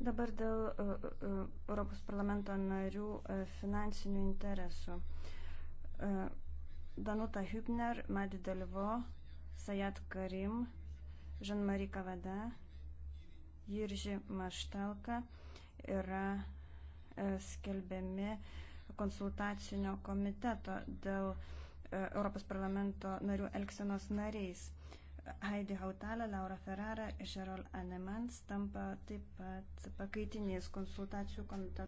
Dabar dėl e, e, Europos parlamento narių e, finansinių interesų. Danuta Hübner, Madi Delvo, Sajat Karim, Jean-Marie Kavada, Jirži Maštalka yra skelbiami konsultacinio komiteto dėl Europos parlamento narių elgsenos nariais. Heidi Hautalė, Laura Ferrara ir Gerol Anemans tampa taip pat pakaitiniais konsultacijų komiteto